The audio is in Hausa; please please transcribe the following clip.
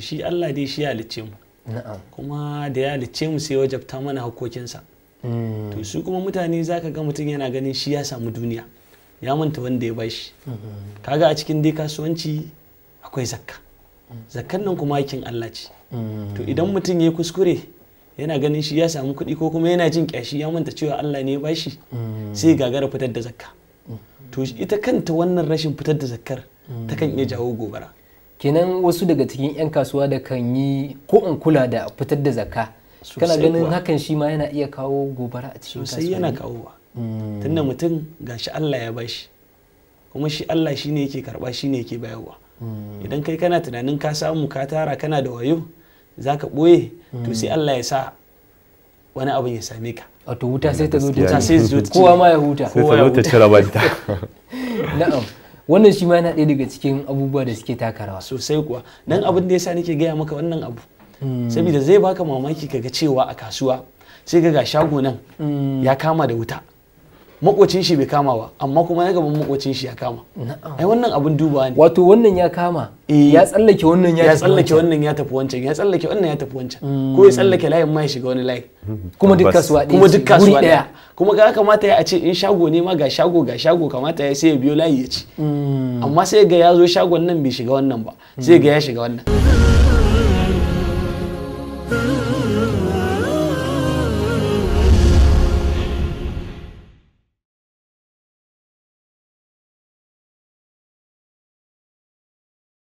shi Allah dai shi ya halicce mu kuma da ya halicce mu sai wajabta mana hakokinsa mm. to su kuma mutane zaka ga mutum yana ganin shi ya samu duniya ya manta wanda ya bashi mm-hmm. kaga a cikin dai kasuwanci akwai zakka zakkan nan kuma aikin Allah ce mm. to idan mutum ya kuskure yana ganin shi ya samu kuɗi ko kuma yana jin ƙyashi ya manta cewa Allah ne ya bashi mm. sai gagara fitar da zakka to ita kanta wannan rashin fitar da zakkar ta kan iya jawo gobara kenan wasu daga cikin 'yan kasuwa da kan yi ko in kula da fitar da zaka. kana ganin hakan shi ma yana iya kawo gobara a cikin kasuwa sosai yana kawowa hmm. da mutum gashi Allah ya bashi kuma shi Allah shi ne yake karba ne yake bayarwa hmm. idan kai kana tunanin ka samu ka tara kana da wayo zaka boye to hmm. sai Allah ya sa wani abu ya same ka wato wuta sai ta zo ta kowa ma ya huta kowa ya huta na'am wannan shi ma yana ɗaya daga cikin abubuwa da suke taka rawa sosai kuwa nan abin da yasa nake gaya maka wannan abu saboda zai baka mamaki kaga cewa a kasuwa sai ga shago nan hmm. ya kama da wuta makwacin shi bai kama ba amma kuma na gaban makwacin shi ya kama ai wannan abun dubawa ne wato wannan ya kama eh. ya tsallake wannan ya tsallake wannan ya tafi wancan ya tsallake wannan ya tafi wancan hmm. ko ya tsallake layin ma ya shiga wani layi kuma duk kasuwa kuma duk kasuwa daya kuma ga kamata ya ce in shago ne ma ga shago ga shago kamata ya sai ya biyo layi ya ci hmm. amma sai ga ya zo shagon nan bai shiga wannan ba sai ga ya shiga wannan